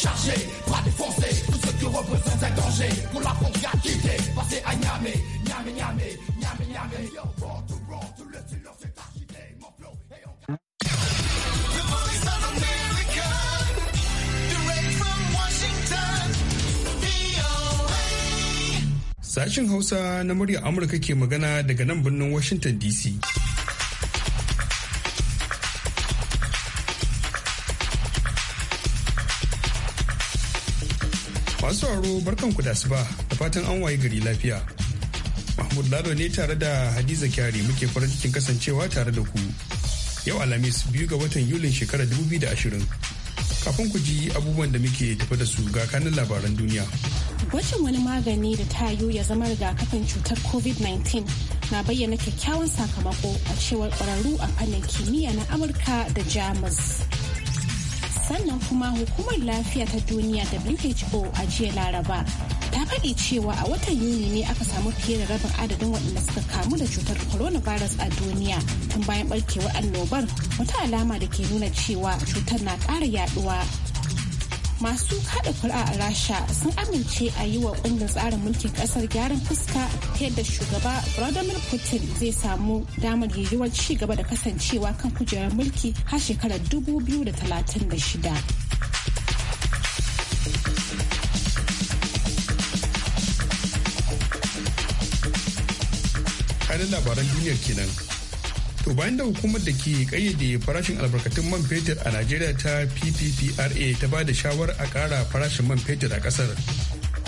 chargé pas défoncer tout ce qui représente un danger pour la passer à magana Washington DC. masu sauraro barkanku da asuba da fatan an waye gari lafiya. Mahmud Lalo ne tare da Hadiza Kyari muke farin cikin kasancewa tare da ku. Yau Alhamis biyu ga watan Yulin shekarar 2020. Kafin ku ji abubuwan da muke tafi da su ga kanin labaran duniya. Gwajin wani magani da ta yiwu ya zama rigakafin cutar COVID-19 na bayyana kyakkyawan sakamako a cewar ƙwararru a fannin kimiyya na Amurka da Jamus. sannan kuma hukumar lafiya ta duniya who a jiya laraba ta faɗi cewa a watan yuni ne aka samu fiye da rabin adadin waɗanda suka kamu da cutar coronavirus a duniya tun bayan ɓarkewar annobar wata alama da ke nuna cewa cutar na ƙara yaɗuwa masu kada kuri'a a rasha sun amince a yi wa kungiyar tsarin mulkin kasar gyaran fuska ta yadda shugaba vladimir putin zai samu damar yiwuwar ci gaba da kasancewa kan kujerar mulki har shekarar 2036 kanin labaran duniyar kenan To bayan da hukumar da ke kayyade farashin albarkatun man fetur a Najeriya ta PPPRA ta ba da shawar a ƙara farashin man fetur a ƙasar.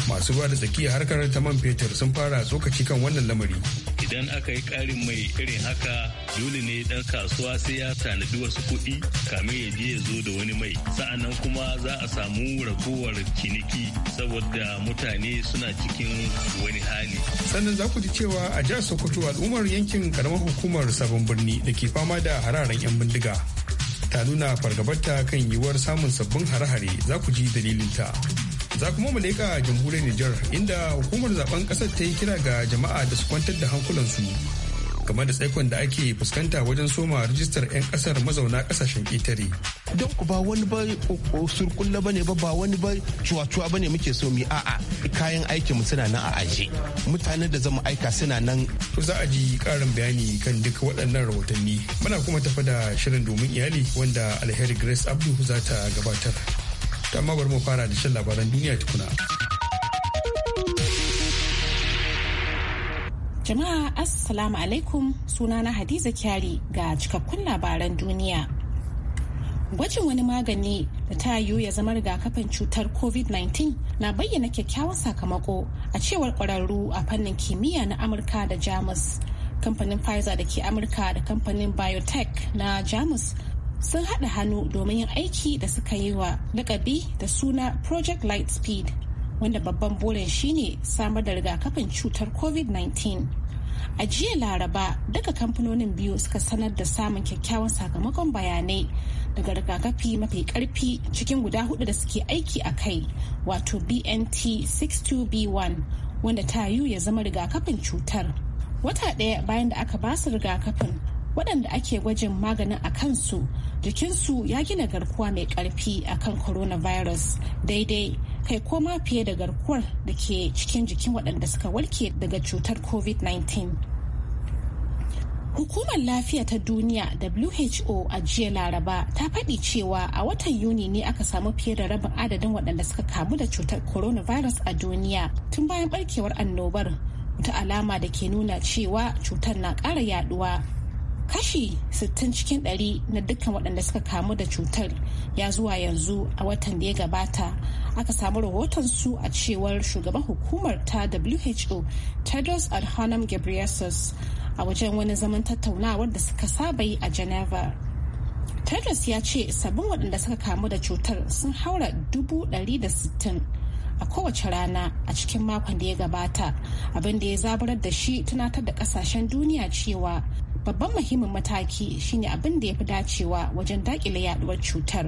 Masu ruwa da tsakiya harkar ta man fetur sun fara tsokaci kan wannan lamari. idan aka yi karin mai irin haka dole ne dan kasuwa sai ya tanadi wasu kuɗi kamin ya je ya zo da wani mai sa'annan kuma za a samu ragowar ciniki saboda mutane suna cikin wani hali sannan za ku ji cewa a jihar sokoto al'ummar yankin karamar hukumar sabon birni da ke fama da hararen 'yan bindiga ta nuna fargabarta kan yiwuwar samun sabbin hare-hare za ku ji dalilinta. ta za kuma mu leƙa jamhuriyar Nijar inda hukumar zaben ƙasar ta yi kira ga jama'a da su kwantar da hankulansu game da tsaikon da ake fuskanta wajen soma rijistar 'yan kasar mazauna kasashen ƙetare. Don ba wani ba surkulla ba ne ba ba wani ba cuwa-cuwa ba ne muke so mi a'a kayan aikin mu suna nan a aje mutanen da zama aika suna nan. to Za a ji ƙarin bayani kan duk waɗannan rahotanni muna kuma tafa da shirin domin iyali wanda alheri Grace Abdu za ta gabatar. ta mabar mu fara da shan labaran duniya tukuna. Jama'a Assalamu alaikum suna na Hadiza Kyari ga cikakkun labaran duniya. Gwajin wani magani da ta yiwu ya zama rigakafin cutar COVID-19 na bayyana kyakkyawan sakamako a cewar ƙwararru a fannin kimiyya na Amurka da Jamus. Kamfanin Pfizer da ke Amurka da kamfanin Biotech na Jamus sun haɗa hannu domin yin aiki da suka yi wa lakabi da suna project light speed wanda babban burin shine samar da rigakafin cutar covid-19 a jiya laraba duka kamfanonin biyu suka sanar da samun kyakkyawan sakamakon bayanai daga rigakafi mafi karfi cikin guda hudu da suke aiki a kai wato bnt 62b1 wanda ta yiwu ya zama rigakafin cutar wata ɗaya bayan da aka basu rigakafin waɗanda ake gwajin maganin a kansu jikinsu ya gina garkuwa mai ƙarfi a kan coronavirus daidai kai koma fiye da garkuwar da ke cikin jikin waɗanda suka warke daga cutar covid-19 Hukumar Lafiya ta Duniya WHO a jiya Laraba ta faɗi cewa a watan Yuni ne aka samu fiye da rabin adadin waɗanda suka kamu da cutar coronavirus a duniya tun bayan ɓarkewar annobar wata alama da ke nuna cewa cutar na ƙara yaduwa. kashi 60 cikin 100 na dukkan waɗanda suka kamu da cutar ya zuwa yanzu a watan da ya gabata aka samu rahoton su a cewar shugaban hukumar ta who tedros adhanom ghebreyesus a wajen wani zaman tattaunawar da suka saba yi a geneva tedros ya ce sabbin waɗanda suka kamu da cutar sun haura 160 a kowace rana a cikin makon da ya gabata abin da ya zaburar da shi tunatar da kasashen duniya cewa babban muhimmin mataki shine abin da ya fi dacewa wajen dakile yaduwar cutar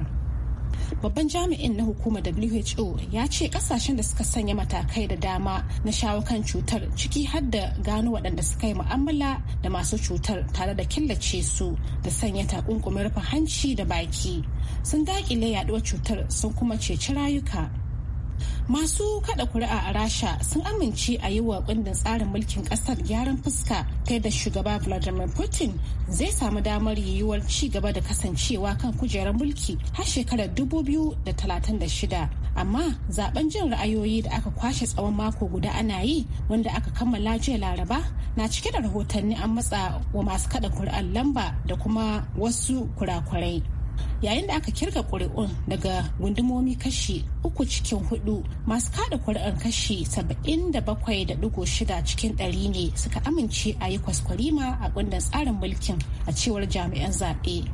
babban jami'in na hukumar who ya ce kasashen da suka sanya matakai da dama na shawo kan cutar ciki har da gano waɗanda suka yi mu'amala da masu cutar tare da killace su da sanya takunkumin rufe hanci da baki sun dakile yaduwar cutar sun kuma ceci rayuka masu kada kuri'a a rasha sun amince a yi wa kundin tsarin mulkin kasar gyaran fuska ta da shugaba vladimir putin zai samu damar yiwuwar ci gaba da kasancewa kan kujerar mulki har shekarar 2036 amma zaben jin ra'ayoyi da aka kwashe tsawon mako guda ana yi wanda aka kammala jiya laraba na cike da rahotanni an matsa wa masu kada kuri'ar lamba da kuma wasu kurakurai yayin da aka kirga kuri'un daga gundumomi kashi uku cikin hudu masu kada kuri'un kashi da shida cikin ɗari ne suka amince a yi kwaskwarima a kundin tsarin mulkin a cewar jami'an zaɓe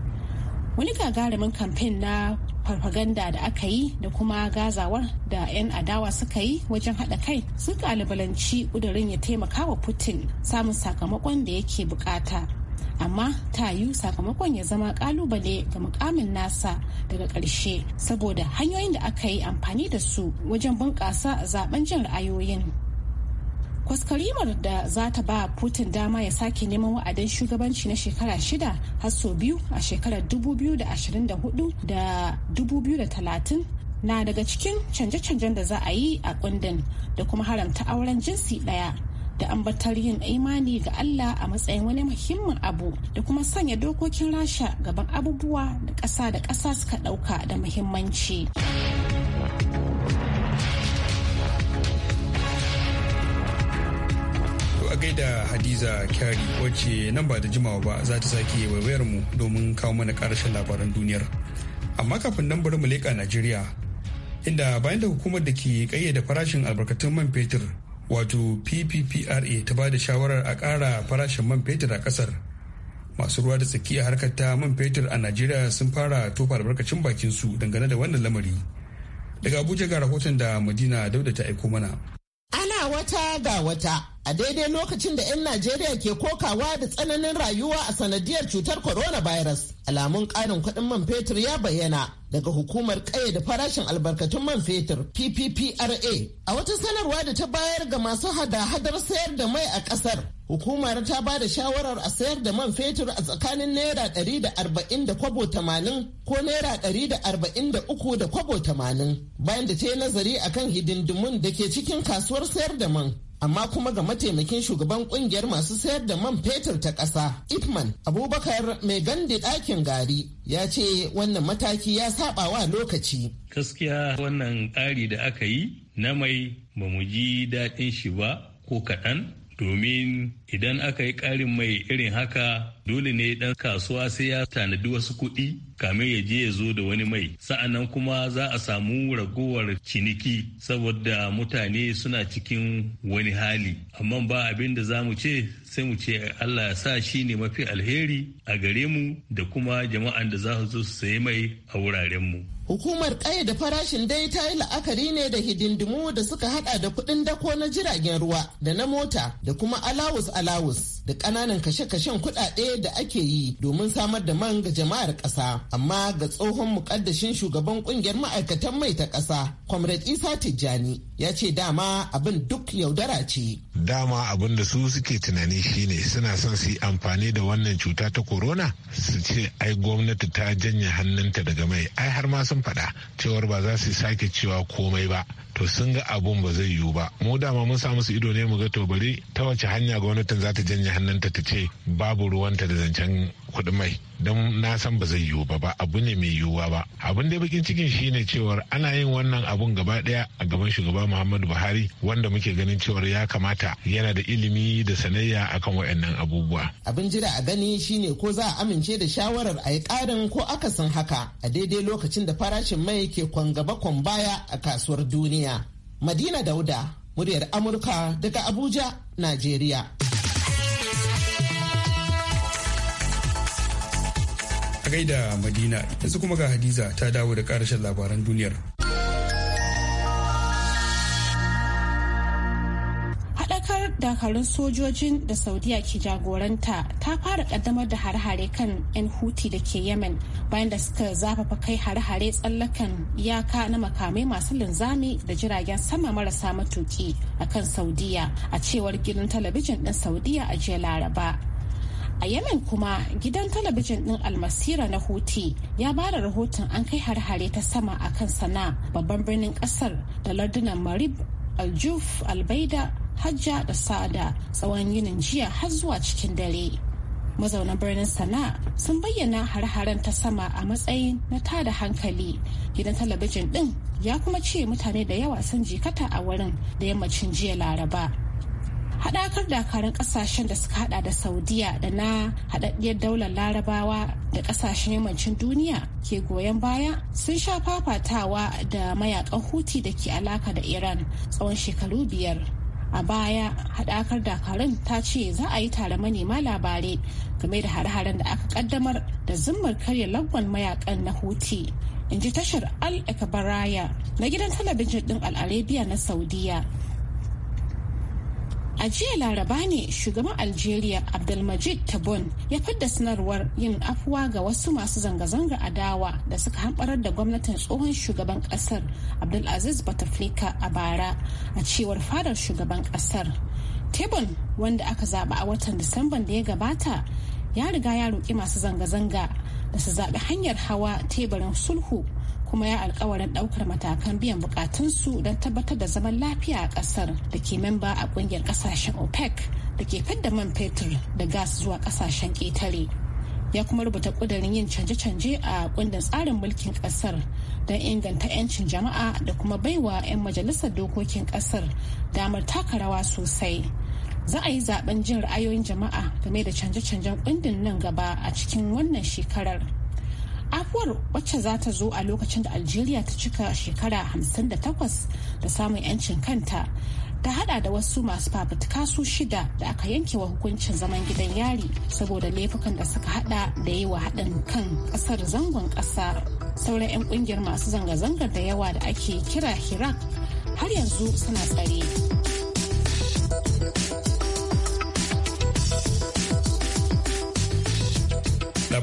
wani gagarumin kamfen na farfaganda da aka yi da kuma gazawar da 'yan adawa suka yi wajen haɗa kai sun kalubalanci ƙudurin ya taimaka wa putin samun sakamakon da yake bukata amma ta yi sakamakon ya zama kalubale ga mukamin nasa daga ƙarshe saboda hanyoyin da aka yi amfani da su wajen bunƙasa zaben jin ra'ayoyin kwaskarimar da za ta ba putin dama ya sake neman wa'adin shugabanci na shekara shida har sau biyu a shekarar 2024 da 2030 na daga cikin canje-canjen da za a yi a kundin da kuma haramta auren jinsi daya da ambatar yin imani ga Allah a matsayin wani muhimmin abu da kuma sanya dokokin rasha gaban abubuwa da ƙasa da ƙasa suka ɗauka da muhimmanci. a gaida hadiza kyari wacce nan ba da jimawa ba za ta sake waiwayar mu domin kawo mana karshen labaran duniyar amma kafin nan bari mu leƙa najeriya inda bayan da hukumar da ke kayyade farashin albarkatun man fetur wato pppra ta ba da shawarar a ƙara farashin man fetur a ƙasar masu ruwa da tsaki a harkar ta man fetur a najeriya sun fara tofa albarkacin bakin su dangane da wannan lamari daga abuja ga rahoton da madina dauda ta aiko mana Ana wata ga wata a daidai lokacin da 'yan Najeriya ke kokawa da tsananin rayuwa a sanadiyar cutar coronavirus. Alamun ƙarin kuɗin man fetur ya bayyana daga hukumar ƙaye da farashin albarkatun man fetur PPPRA. A wata sanarwa da ta bayar ga masu hada-hadar sayar da mai a ƙasar Hukumar ta ba da shawarar a sayar da man fetur a tsakanin Naira ɗari da arba'in da kwabo tamanin ko Naira ɗari da arba'in da uku da kwabo tamanin bayan da ta yi nazari a kan hidindimun da ke cikin kasuwar sayar da man. amma kuma ga mataimakin shugaban kungiyar masu sayar da man fetur ta ƙasa ipman abubakar mai gandi ɗakin gari ya ce wannan mataki ya saba wa lokaci gaskiya wannan ƙari da aka yi na mai ba mu ji daɗin shi ba ko kaɗan domin idan aka yi ƙarin mai irin haka dole ne ɗan kasuwa sai ya tanadi wasu kuɗi kamin ya je ya zo da wani mai sa'annan kuma za a samu ragowar ciniki saboda mutane suna cikin wani hali amma ba abin da za mu ce sai mu ce allah ya sa shi ne mafi alheri a gare mu da kuma jama'an da za su zo su sayi mai a wurarenmu. Hukumar da farashin dai ta yi la'akari ne da hidindimu da suka hada da kuɗin dako na jiragen ruwa da na mota da kuma alawus-alawus da ƙananan kashe-kashen kuɗaɗe da ake yi domin samar da man ga jama'ar ƙasa. Amma ga tsohon muƙaddashin shugaban ƙungiyar ma'aikatan mai ta ƙasa, Comrade Isa Tijjani, ya ce dama abin duk yaudara ce. Dama abin da su suke tunani shine suna son su yi amfani da wannan cuta ta corona su ce ai gwamnati ta janye hannunta daga mai ai har ma sun sun faɗa cewar ba za su sake cewa komai ba to sun ga abun ba zai yiwu ba mu dama mun sa musu ido ne mu ga to bari ta wace hanya gwamnatin za ta janye hannunta ta ce babu ruwanta da zancen kuɗin mai don na san ba zai yiwu ba ba abu ne mai yiwuwa ba abin da bakin cikin shine cewar ana yin wannan abun gaba daya a gaban shugaba muhammadu buhari wanda muke ganin cewar ya kamata yana da ilimi da sanayya akan wayannan abubuwa abin jira a gani shine ko za a amince da shawarar a yi karin ko akasin haka a daidai lokacin da farashin mai ke kwan gaba kwan baya a kasuwar duniya madina dauda muryar amurka daga abuja najeriya gaida Madina yanzu kuma ga Hadiza ta dawo da karashin labaran duniyar. Haɗakar dakarun sojojin da Saudiya ke jagoranta ta fara kaddamar da hare-hare kan 'yan Huti da ke Yemen bayan da suka zafafa kai hare-hare tsallakan iyaka na makamai masu linzami da jiragen sama marasa matuki a kan Saudiya a cewar gidan talabijin ɗin Saudiya a jiya Laraba. a yemen kuma gidan talabijin din almasira na huti ya ba da rahoton an kai har-hare ta sama a kan sana babban birnin kasar da lardunan marib aljuf albaida hajja da sada tsawon yinin jiya har zuwa cikin dare mazaunan birnin sana'a sun bayyana har-haren ta sama a matsayin na tada hankali gidan talabijin din ya kuma ce mutane da yawa sun jikata a wurin da yammacin jiya laraba haɗakar dakarun ƙasashen da suka hada da saudiya da na haɗaɗɗiyar daular larabawa da ƙasashen yammacin duniya ke goyon baya sun sha fafatawa da mayakan huti da ke alaka da iran tsawon shekaru biyar a baya haɗakar dakarun ta ce za a yi tare manema labarai game da hare-haren da aka kaddamar da zimmar karya lagwan mayakan na huti in ji tashar al na gidan talabijin ɗin al'arabiya na saudiya A jiya laraba ne shugaban Algeria Abdulmajid Tabon ya fidda sanarwar yin afuwa ga wasu masu zanga-zangar adawa da suka hamɓarar da gwamnatin tsohon shugaban ƙasar Abdulaziz bataflika a bara a cewar fadar shugaban ƙasar. Tabon wanda aka zaɓa a watan Disamban da ya gabata ya riga ya roƙi masu zanga-zanga da su zaɓi hanyar hawa teburin sulhu kuma ya alkawarin daukar matakan biyan bukatunsu don tabbatar da zaman lafiya a kasar da ke memba a kungiyar kasashen opec da ke fidda man fetur da gas zuwa kasashen ketare ya kuma rubuta kudirin yin canje-canje a kundin tsarin mulkin kasar don inganta 'yancin jama'a da kuma baiwa 'yan majalisar dokokin kasar damar taka rawa sosai za a yi zaben jin ra'ayoyin jama'a game da canje-canjen kundin nan gaba a cikin wannan shekarar. afuwar wacce za ta zo a lokacin da algeria ta cika shekara 58 da samun 'yancin kanta ta hada da wasu masu fafutuka su shida da aka yankewa hukuncin zaman gidan yari saboda laifukan da suka hada da yi wa haɗin kan ƙasar zangon ƙasa sauran 'yan ƙungiyar masu zanga-zangar da yawa da ake kira hirak har yanzu suna tsare.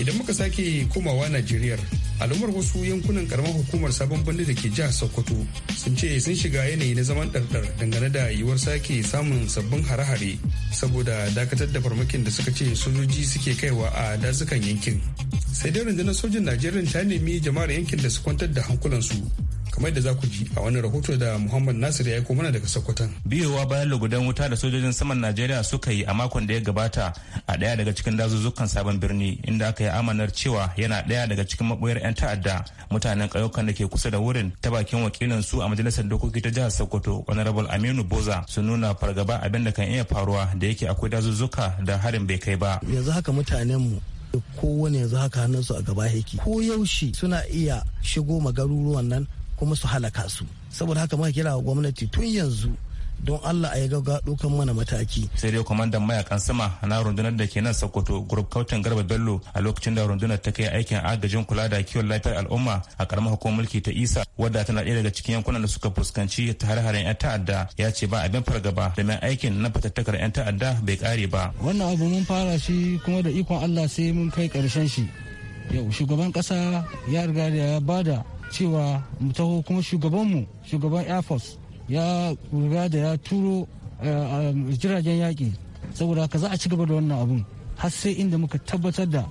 idan muka sake komawa najeriya al'ummar wasu yankunan karamar hukumar sabon birni da ke jihar sokoto sun ce sun shiga yanayi na zaman ɗarɗar dangane da yiwuwar sake samun sabbin hare-hare saboda dakatar da farmakin da suka ce sojoji suke kaiwa a dazukan yankin sai dai rundunar sojin najeriya ta nemi jama'ar yankin da su kwantar da hankulansu kamar da za ku ji a wani rahoto da muhammad nasir ya aiko mana daga sokoto biyowa bayan lugudan wuta da sojojin saman najeriya suka yi a makon da ya gabata a ɗaya daga cikin dazuzzukan sabon birni inda aka yi amanar cewa yana ɗaya daga cikin maɓoyar 'yan ta'adda mutanen ƙauyukan da ke kusa da wurin ta bakin wakilin su a majalisar dokoki ta jihar sokoto honorable aminu boza su nuna fargaba abin da kan iya faruwa da yake akwai dazuzzuka da harin bai kai ba yanzu haka mutanenmu kowane yanzu haka hannunsu a gaba yake ko yaushe suna iya shigo ma nan kuma su halaka su saboda haka muka kira gwamnati tun yanzu don Allah a yi gaggawa dokan mana mataki. Sai dai kwamandan mayakan sama na rundunar da ke nan Sokoto Group Captain Garba Bello a lokacin da rundunar ta kai aikin agajin kula da kiwon lafiyar al'umma a karamar hukumar mulki ta Isa wadda tana ɗaya daga cikin yankunan da suka fuskanci hare-haren 'yan ta'adda ya ce ba abin fargaba da domin aikin na fatattakar 'yan ta'adda bai kare ba. Wannan abu mun fara shi kuma da ikon Allah sai mun kai karshen shi. Yau shugaban ƙasa ya riga da ya bada cewa mu taho kuma shugabanmu shugaban air force ya riga da ya turo eh, eh, jiragen yaƙi saboda haka za a ci gaba da wannan abun har sai inda muka tabbatar da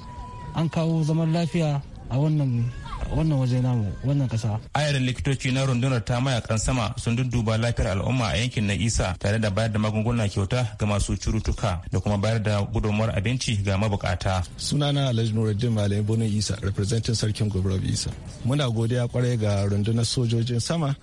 an kawo zaman lafiya a wannan wannan waje namu wannan kasa ayarin likitoci na rundunar ta mayakan sama sun dudduba lafiyar al'umma a yankin na isa tare da bayar da magunguna kyauta ga masu curutuka da kuma bayar da gudunmuwar abinci ga mabukata sunana alhaji nuruddin malam bonin isa representing sarkin gobe isa muna godiya kwarai ga rundunar sojojin sama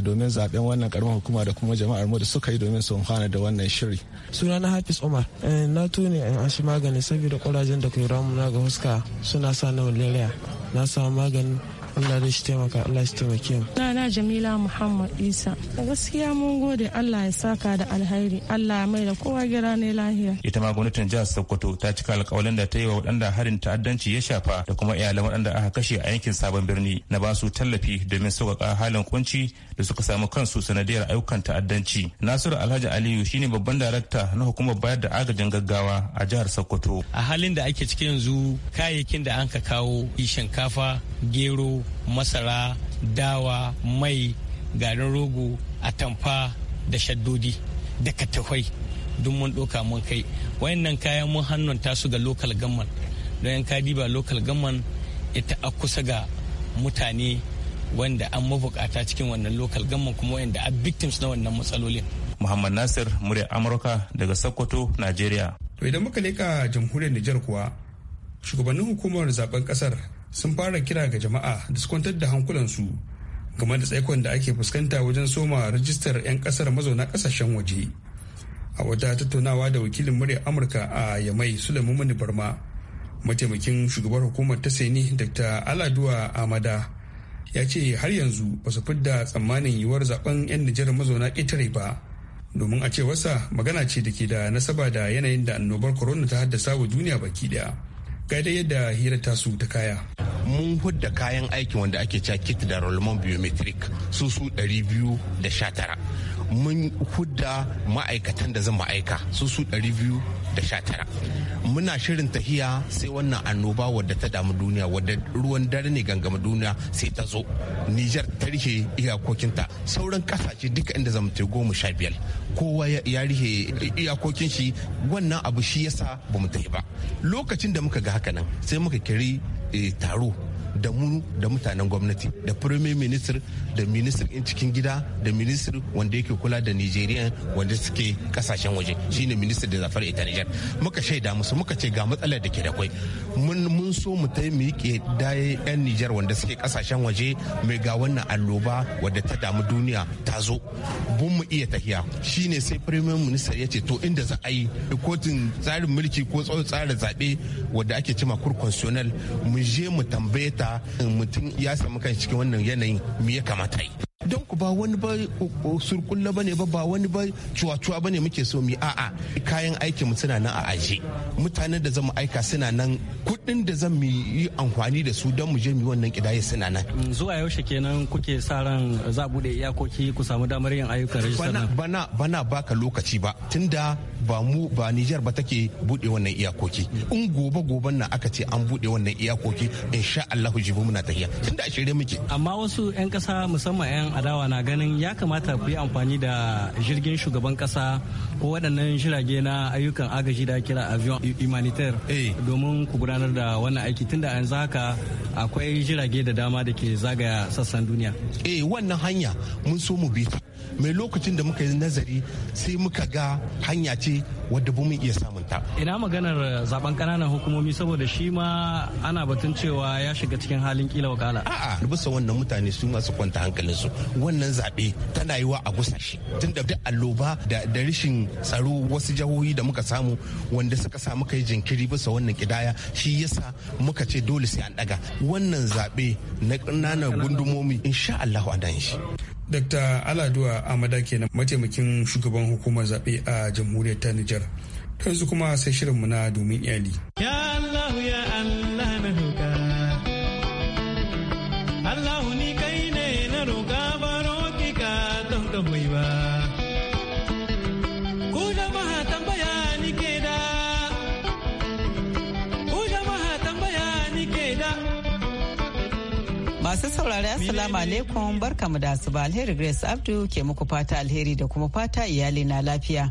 domin zaben wannan karamar hukuma da kuma jama'ar mu da suka yi domin sun hana da wannan shiri suna eh, na hafiz umar na tuni in an shi magani saboda kurajen da ke ramu ga huska suna sa na malaria na samu magani Allah da shi taimaka Allah shi taimake mu na Jamila Muhammad Isa gaskiya mun gode Allah ya saka da alheri Allah mai da kowa gira ne lahiya ita ma gwamnatin jihar Sokoto ta cika alƙawalin da ta yi wa waɗanda harin ta'addanci ya shafa da kuma iyalan waɗanda aka kashe a yankin sabon birni na ba su tallafi domin sauƙaƙa halin kunci da suka samu kansu sanadiyar ayyukan ta'addanci Nasiru Alhaji Aliyu shine babban darakta na hukumar bayar da agajin gaggawa a jihar Sokoto a halin da ake cikin yanzu kayayyakin da an ka kawo shinkafa gero masara dawa mai garin rogo atamfa da shaddodi da katafai duk mun ɗauka mun kai wayannan kayan mun hannunta su ga lokal gamman don yan ka diba lokal gamman ita a kusa ga mutane wanda an mabukata cikin wannan lokal gamman kuma wanda a victims na wannan matsalolin muhammad nasir murya amurka daga sokoto nigeria to idan muka leka jamhuriyar nijar kuwa shugabannin hukumar zaben kasar sun fara kira ga jama'a da su kwantar da hankulansu game da tsaikon da ake fuskanta wajen soma rajistar 'yan kasar mazauna kasashen waje a wata tattaunawa da wakilin murya amurka a yamai sulaimani barma mataimakin shugabar hukumar ta seni dr aladuwa amada ya ce har yanzu ba su fidda tsammanin yiwuwar zaben 'yan nijar mazauna ƙetare ba domin a cewarsa magana ce da ke da nasaba da yanayin da annobar corona ta haddasa wa duniya baki daya ga da yadda hirar tasu ta kaya mun hudda kayan aikin wanda ake cewa kit da rolman biometric su su 219 mun hudda ma'aikatan da zan ma'aika su su 219 muna shirin tahiya sai wannan annoba wadda ta damu duniya wadda ruwan dare ne gangama duniya sai ta zo nijar ta rihe iyakokinta sauran kasashe duka inda ta goma sha biyar kowa ya rike iyakokin shi wannan abu shi yasa ba mu tafi ba lokacin da muka ga haka nan sai muka kiri eh, taro da mu da mutanen gwamnati da premier minister da minister in cikin gida da minister wanda yake kula da nijeriya wanda suke kasashen waje shine minister da zafar ita niger muka shaida musu muka ce ga matsalar da ke da kwai mun so mu ta mu yan niger wanda suke kasashen waje mai ga wannan alloba wadda ta damu duniya ta zo bun mu iya tahiya shine sai premier minister ya ce to inda za a yi kotun tsarin mulki ko tsarin zaɓe wadda ake cima kur constitutional mu je mu tambaye ta mutum ya samu kan cikin wannan yanayin me ya kamata yi don ku ba wani ba surkulla ne ba ba wani ba cuwa-cuwa ba ne muke so mu a'a kayan aikin mu suna nan a aje mutanen da zamu aika suna nan kuɗin da zan mu yi amfani da su don mu je mu wannan kidaye suna nan zuwa yaushe kenan kuke sa ran za bude iyakoki ku samu damar yin ayyukan rajistar bana bana baka lokaci ba tunda ba mu ba Nijar ba take bude wannan iyakoki in gobe goben nan aka ce an bude wannan iyakoki insha Allah jibu muna tafiya tunda a shirye muke amma wasu 'yan kasa musamman 'yan adawa na ganin ya kamata ku yi amfani da jirgin shugaban kasa ko waɗannan jirage na ayyukan agaji da kira avion humanitaire eh. domin ku gudanar da wannan aiki tunda yanzu haka akwai jirage da dama da ke zagaya sassan duniya eh wannan hanya mun so mu bi ta. mai lokacin da muka yi nazari sai muka ga hanya ce wadda ba iya samun ta ina maganar zaben kananan hukumomi saboda shi ma ana batun cewa ya shiga cikin halin kila wakala a'a bisa wannan mutane su masu kwanta hankalin su wannan zaɓe tana yiwa a gusa shi da duk alloba da da rashin tsaro wasu jihohi da muka samu wanda suka sa muka yi jinkiri bisa wannan kidaya shi yasa muka ce dole sai an daga wannan zaɓe na ƙananan gundumomi insha Allah a shi Dr. Aladuwa Amada kenan mataimakin shugaban hukumar zaɓe a jamhuriyar ta Nijar. yanzu kuma sai shirinmu na domin iyali. Ya Allah ya Allah. saurari assalamu alaikum barkamu da asuba alheri Grace Abdu ke muku fata alheri da kuma fata iyali na lafiya.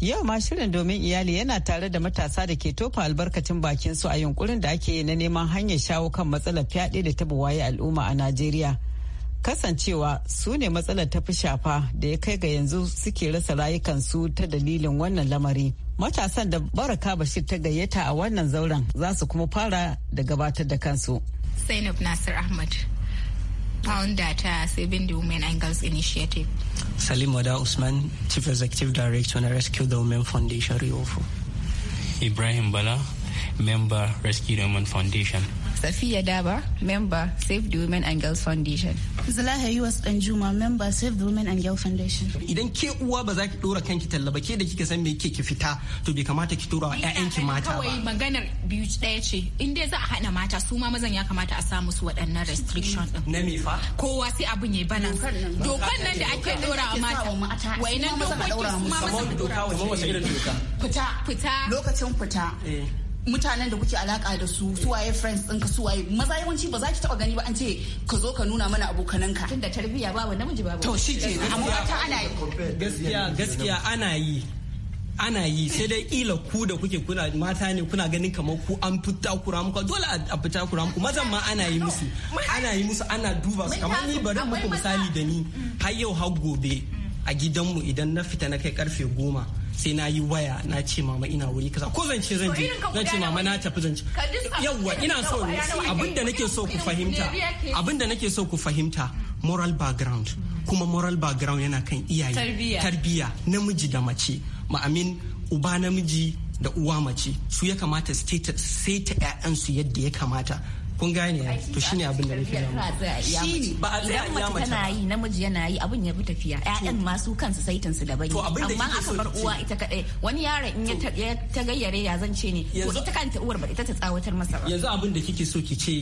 Yau ma shirin domin iyali yana tare da matasa da ke tofa albarkacin bakin su a yunkurin da ake na neman hanyar shawo kan matsalar fyaɗe da ta buwaye al'umma a Najeriya. Kasancewa su ne matsalar ta fi shafa da ya kai ga yanzu suke rasa rayukansu ta dalilin wannan lamari. Matasan da Baraka Bashir ta gayyata a wannan zauren za su kuma fara da gabatar da kansu. Zainab Nasir Ahmad. Found that uh, Saving the Women and Girls Initiative. Salim Wada Usman, Chief Executive Director and Rescue the Women Foundation Riofo. Ibrahim Bala, member Rescue the Women Foundation. Safiya Daba, member Save the Women and Girls Foundation. Zulaha Yuwas Danjuma, member Save the Women and Girls Foundation. Idan ke uwa ba za ki dora kanki talla ba ke da kika san me ke ki fita to bai kamata ki tura ƴaƴanki mata ba. Kawai maganar biyu ɗaya ce. In dai za a haɗa mata su ma mazan ya kamata a sa musu waɗannan restriction ɗin. Na me fa? Kowa sai abin ya balance. Dokan nan da ake dora wa mata. Wainan dokokin su ma mazan Fita. Fita. Lokacin fita. Eh. mutanen da kuke alaka da su suwaye friends ɗinka suwaye maza yawanci ba za ki taba gani ba an ce ka zo ka nuna mana abokananka tunda tarbiyya babu namiji babu to shi ke amma ta ana yi gaskiya gaskiya ana yi ana yi sai dai kila ku da kuke kuna mata ne kuna ganin kamar ku an fita kura muku dole a fita kura muku mazan ma ana yi musu ana yi musu ana duba su kamar ni bari muku misali da ni har yau har gobe a gidanmu idan na fita na kai karfe goma sai na yi waya na ce mama ina wuri kaza ko zan ce zan je zan ce mama na tafi zan ce yawwa ina so abinda nake so ku fahimta abinda nake so ku fahimta moral background kuma moral background yana kan iyaye tarbiya namiji da mace ma'amin uba namiji da uwa mace su ya kamata saita 'ya'yansu yadda ya kamata kun gane to shine abin da nake nan shine ba a tsaya ya mace tana yi namiji yana yi abin ya bi tafiya ƴaƴan ma su kansu saitin su daban amma aka bar uwa ita kadai wani yaron in ya ta gayyare ya zance ne ko ita kanta uwar ba ita ta tsawatar masa ba yanzu abin da kike so ki ce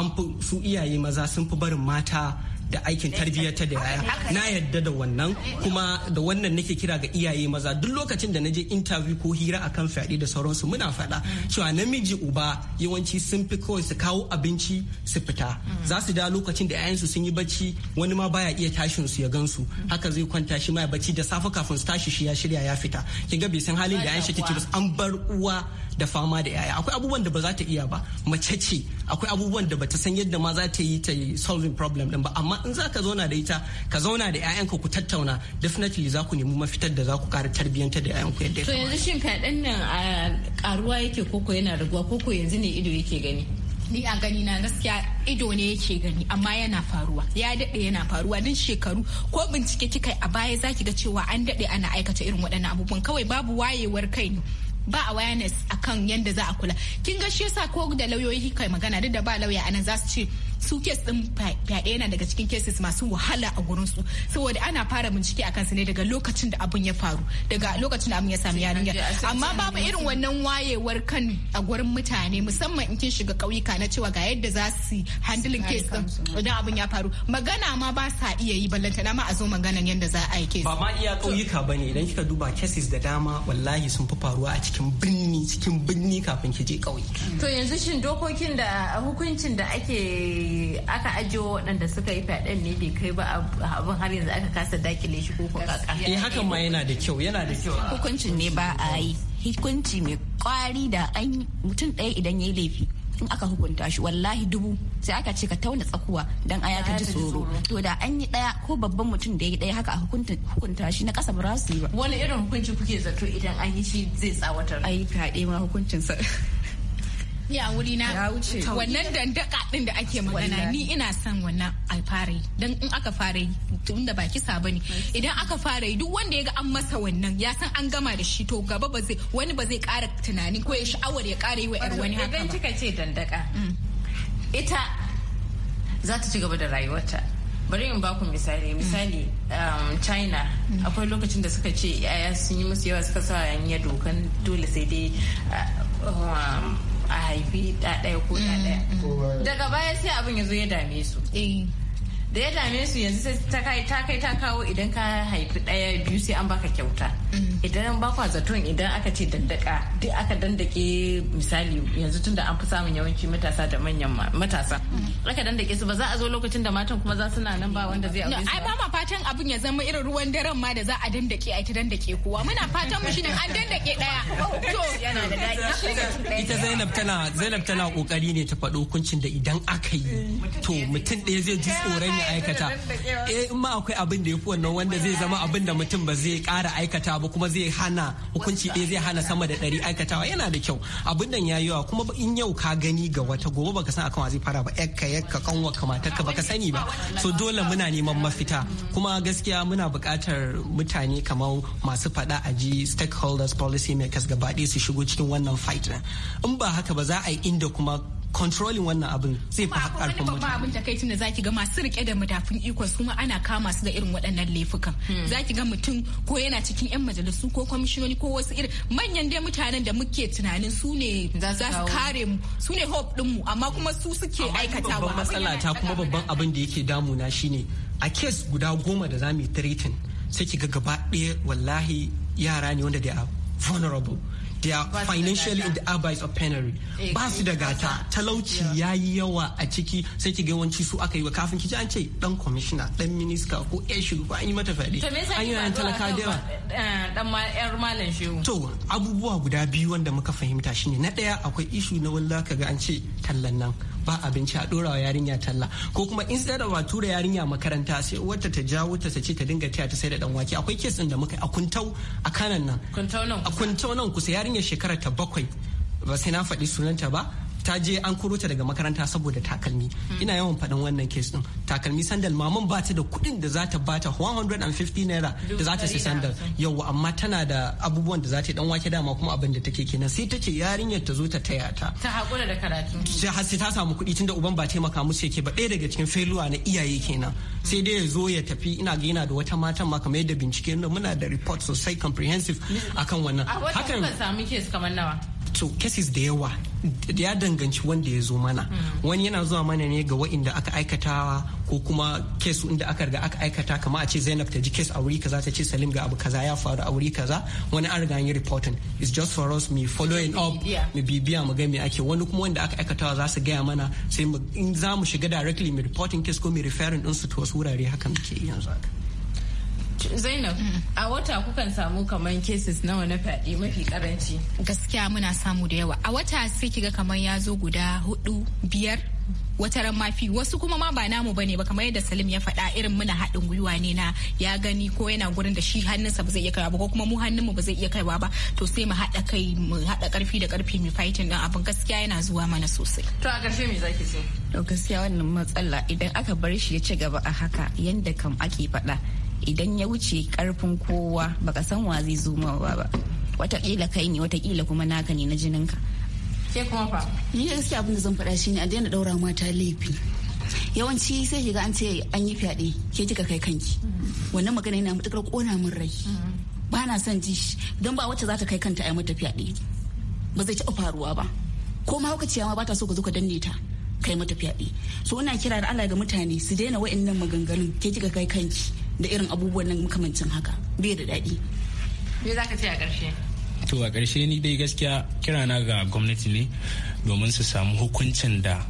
an fi su iyaye maza sun fi barin mata da aikin tarbiyyar ta da yaya na yadda da wannan kuma da wannan nake kira ga iyaye maza duk lokacin da na je interview ko hira akan fyaɗe da sauransu muna faɗa cewa namiji uba yawanci sun fi kawai su kawo abinci su fita za su da lokacin da 'ya'yansu sun yi bacci wani ma baya iya tashin su ya gansu haka zai kwanta shi ma ya bacci da safe kafin su tashi shi ya shirya ya fita kin ga bai san halin da 'ya'yan shi an bar uwa da fama da yaya akwai abubuwan da ba za ta iya ba mace ce akwai abubuwan da bata san yadda ma za ta yi ta yi solving problem din ba amma in za ka zauna da ita ka zauna da ka ku tattauna definitely za ku nemi mafitar da za ku ƙara tarbiyyanta da ku yadda ya to yanzu shin kaɗan nan a karuwa yake koko yana raguwa koko yanzu ne ido yake gani ni a gani na gaskiya ido ne yake gani amma yana faruwa ya daɗe yana faruwa din shekaru ko bincike kika a baya zaki ga cewa an daɗe ana aikata irin waɗannan abubuwan kawai babu wayewar kai ne ba awareness akan yadda za a kula kin ga shi yasa ko da lauyoyi kai magana duk da ba lauya anan za su ce su kes din fyaɗe yana daga cikin cases masu wahala a gurin su saboda ana fara bincike akan su ne daga lokacin da abun ya faru daga lokacin da abun ya samu yarinya amma babu irin wannan wayewar kan a gurin mutane musamman in kin shiga kauyuka na cewa ga yadda za su handling case din idan abun ya faru magana ma ba sa iya yi n'a ma a zo maganan yadda za a yi case ba ma iya kauyuka bane idan kika duba cases da dama wallahi sun fi faruwa a cikin birni cikin birni kafin ki je kauye to yanzu shin dokokin da hukuncin da ake aka ajiye waɗanda suka yi fyaɗen ne bai kai ba abin har yanzu aka kasa dakile shi ko kaka. Eh hakan ma yana da kyau yana da kyau. Hukuncin ne ba a yi hukunci mai kwari da an mutum ɗaya idan ya yi laifi in aka hukunta shi wallahi dubu sai aka ce ka tauna tsakuwa dan aya ta ji tsoro to da an yi ɗaya ko babban mutum da ya yi ɗaya haka a hukunta shi na kasa ba su yi ba wani irin hukunci kuke zato idan an yi shi zai tsawatar ayi fyaɗe ma hukuncin sa ya wuri na wannan dandaka din da ake magana ni ina son wannan a fara yi dan in aka fara yi tun da baki sa bane idan aka fara yi duk wanda ya ga an masa wannan ya san an gama da shi to gaba ba zai wani ba zai kara tunani ko ya sha'awar ya kara yi wa yar wani haka ba idan kika ce dandaka mm. ita za ta ci gaba da rayuwarta bari in baku misali misali um, china mm. akwai lokacin da suka ce yaya sun yi musu yawa suka sa yanya dokan dole sai dai uh, um, a haifi ɗaya ko ɗaya mm, mm. daga baya sai abin ya zo ya dame su eh. da ya dame su yanzu sai ta kai ta kai ta kawo idan ka haifi ɗaya biyu sai an baka kyauta mm. idan ba kwa zaton idan aka ce daddaka duk aka dandake misali yanzu tunda an fi samun yawanci matasa da manyan matasa aka dandake su ba za a zo lokacin da matan kuma za su na nan ba wanda zai aure ai ba ma fatan abin ya zama irin ruwan daren ma da za a dandake a ta dandake kowa muna fatan mu shine an dandake daya to yana da dadi ita Zainab tana Zainab tana kokari ne ta faɗo hukuncin da idan aka yi to mutum ɗaya zai ji tsoron ya aikata eh in ma akwai abin da ya fi wannan wanda zai zama abin da mutum ba zai ƙara aikata ba kuma zai hana hukunci ɗaya zai hana sama da ɗari aikatawa yana da kyau abin ya yi wa kuma in yau ka gani ga wata gobe baka san akan zai fara ba yakka yakka kanwa kamata ka baka sani ba so dole muna neman mafita kuma gaskiya muna buƙatar mutane kamar masu faɗa a ji stakeholders policy makers gabaɗaya su shigo cikin wannan fight in ba haka ba za a yi inda kuma controlling wannan abin zai fi haƙar kuma babban abin da kai tunda zaki ga masu rike da matafin iko su ma ana kama su da irin waɗannan laifukan hmm. zaki ga mutum ko yana cikin yan majalisu ko kwamishinoni ko wasu irin manyan dai mutanen da muke tunanin su ne za su kare mu su ne hope din mu amma kuma su suke aikata aikatawa babban matsala ta kuma babban abin da yake damuna shine a kes guda goma da za mu yi treating sai ki ga gaba ɗaya wallahi yara ne wanda a vulnerable they are financially in the abyss of penury eh, ba su da eh, gata talauci ya yi yawa a ciki sai ki ga wanci su aka yi wa kafin kiji an ce dan commissioner dan minista ko yan shugaba an yi mata fyaɗe an yi yan talaka da yawa dan eh, yar malam shehu to abubuwa guda biyu wanda muka fahimta shine na ɗaya akwai ishu na wallahi kaga an ce tallan nan ba abinci a dora wa yarinya talla ko kuma in of da tura yarinya makaranta sai wata ta jawo ta sace ta dinga taya ta sai da dan wake akwai kes din da muka yi a kuntau a kanan nan kuntau nan kusa yarinyar shekara ta bakwai ba sai na faɗi sunanta ba ta je an koro ta daga makaranta saboda takalmi hmm. ina yawan faɗin wannan kes din takalmi sandal maman ba ta da kuɗin da za ta bata 150 naira da za ta sai sandal yawa amma tana da abubuwan da za ta dan wake dama kuma abin da take kenan sai ta ce yarinyar ta zo ta taya ta ta hakura da karatu sai ta samu kuɗi tunda uban ba taimaka musu yake ba ɗaya daga cikin failuwa na iyaye kenan hmm. sai dai ya zo ya tafi ina ga yana da wata matan ma kamar yadda bincike muna da report sosai comprehensive akan wannan hakan samu kes kamar nawa so cases da yawa ya danganci wanda ya zo mana hmm. wani yana zuwa mana ne ga wa'inda aka aikata ko kuma kes inda aka riga aka aikata kama a ce zainab ta ji kes a wuri kaza ta ce salim ga abu kaza ya faru a wuri kaza wani an riga yi reporting it's just for us me following up mu bibiya mu ga me ake wani kuma wanda aka aikatawa za su gaya mana sai in za mu shiga directly mu reporting case ko mu referring din su to wasu wurare haka muke yanzu haka Zainab, a wata kukan samu kamar cases nawa na fyaɗe mafi karanci? Gaskiya muna samu da yawa. A wata sai kiga kamar ya zo guda hudu biyar wata ran mafi wasu kuma ma ba namu bane ba kamar yadda Salim ya faɗa irin muna haɗin gwiwa ne na ya gani ko yana gurin da shi hannunsa ba zai iya kaiwa ba ko kuma mu hannunmu ba zai iya kaiwa ba to sai mu haɗa kai mu haɗa karfi da karfi mu fighting dan abin gaskiya yana zuwa mana sosai to a ƙarshe me zaki ce to gaskiya wannan matsala idan aka bar shi ya ci gaba a haka yanda kam ake faɗa idan ya wuce karfin kowa baka san wa zai zo ba watakila kai ne watakila kuma naka ne na jininka ke kuma fa ni gaskiya abin da zan faɗa shine a daina daura mata laifi yawanci sai kiga an ce an yi fyaɗe ke kika kai kanki wannan magana yana matukar kona min rai ba na son ji don ba wacce za ta kai kanta a yi mata fyaɗe ba zai taɓa faruwa ba ko ma haukaciya ma ba ta so ka zo ka danne ta kai mata fyaɗe so ina kira da Allah ga mutane su daina wa'annan maganganun ke kika kai kanki da irin abubuwan nan makamancin haka bai da daɗi. Me za ka ce a ƙarshe? To a ƙarshe ni dai gaskiya kirana ga gwamnati ne domin su samu hukuncin da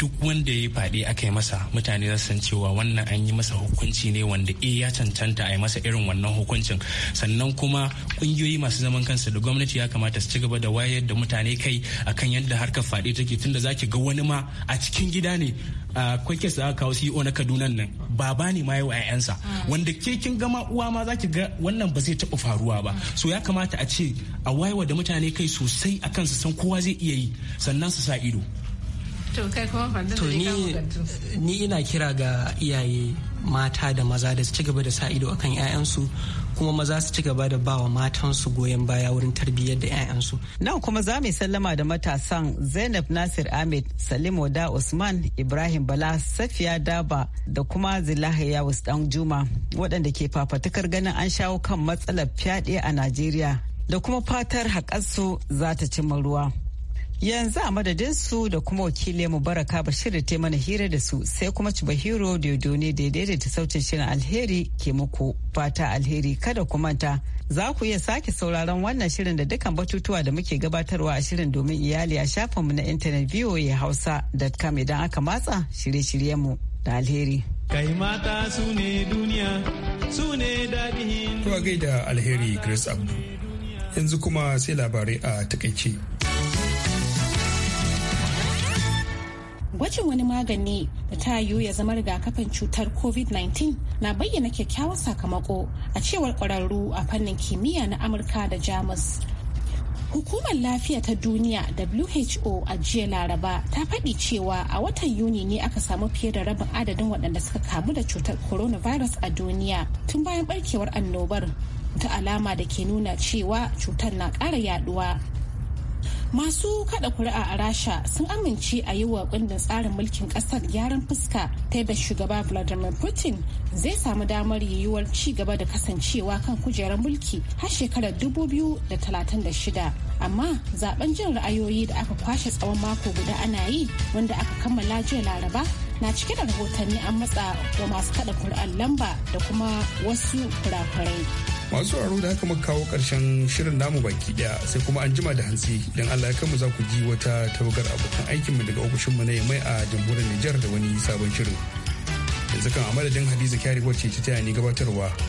duk wanda ya faɗi aka yi masa mutane za san cewa wannan an yi masa hukunci ne wanda eh ya cancanta a yi masa irin wannan hukuncin sannan kuma kungiyoyi masu zaman kansu da gwamnati ya kamata su ci gaba da wayar da mutane kai akan yadda harkar faɗi take tunda zaki ga wani ma a cikin gida ne akwai kes da aka kawo CEO na Kaduna nan baba ne ma yau sa wanda ke kin gama uwa ma zaki ga wannan ba zai taɓa faruwa ba so ya kamata a ce a wayewa da mutane kai sosai akan su san kowa zai iya yi sannan su sa ido to ni ina kira ga iyaye mata da maza da su ci gaba da sa ido akan 'ya'yansu kuma maza su ci gaba da bawa matansu goyon baya wurin tarbiyyar da 'ya'yansu. Nan kuma za mu sallama da matasan Zainab Nasir Ahmed, Salimu Da Usman, Ibrahim Bala, Safiya Daba da kuma Yawus Dan Juma waɗanda ke fafatukar ganin an shawo kan matsalar fyaɗe a Najeriya da kuma fatar haƙarsu za ta cimma ruwa. yanzu a madadin su da kuma wakilin mu baraka bashir da mana hira da su sai kuma cibahiro da ne da daidaita sautin shirin alheri ke muku fata alheri kada ku manta za ku iya sake sauraron wannan shirin da dukkan batutuwa da muke gabatarwa a shirin domin iyali a shafinmu na intanet voa hausa.com idan aka matsa shirye-shiryenmu da alheri. Kai mata su ne duniya su ne daɗin. gaida alheri Grace Abdu. Yanzu kuma sai labarai a takaice. Wacin wani magani da ta yiwu ya zama rigakafin cutar COVID-19 na bayyana kyakkyawar sakamako a cewar ƙwararru a fannin kimiyya na Amurka da Jamus. Hukumar Lafiya ta Duniya WHO a jiya Laraba ta faɗi cewa a watan Yuni ne aka samu fiye da rabin adadin waɗanda suka kamu da cutar coronavirus a duniya tun bayan barkewar annobar ta alama da ke nuna cewa cutar na ƙara yaduwa. Masu kada kuri'a a Rasha sun amince a yi wa kundin tsarin mulkin kasar gyaran fuska ta yadda shugaba Vladimir Putin zai samu damar yiwuwar ci gaba da kasancewa kan kujerar mulki har shekarar 2036. Amma zaben jin ra'ayoyi da aka kwashe tsawon mako guda ana yi wanda aka kammala jiya Laraba na cike da rahotanni an matsa wa masu kada kuri'ar lamba da kuma wasu kurakurai. masu sauraro da haka muka kawo karshen shirin namu baki daya sai kuma an jima da hantsi don allah ya mu za ku ji wata tabbatar abokan aikinmu daga ofishinmu na yamai a jamhuriyar nijar da wani sabon shirin yanzu kan a madadin hadiza kyari wacce ta taya ni gabatarwa